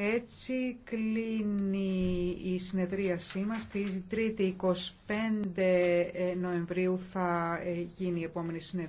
Έτσι κλείνει η συνεδρίασή μας. Τη 3η 25 Νοεμβρίου θα ε, γίνει η επόμενη συνεδρία.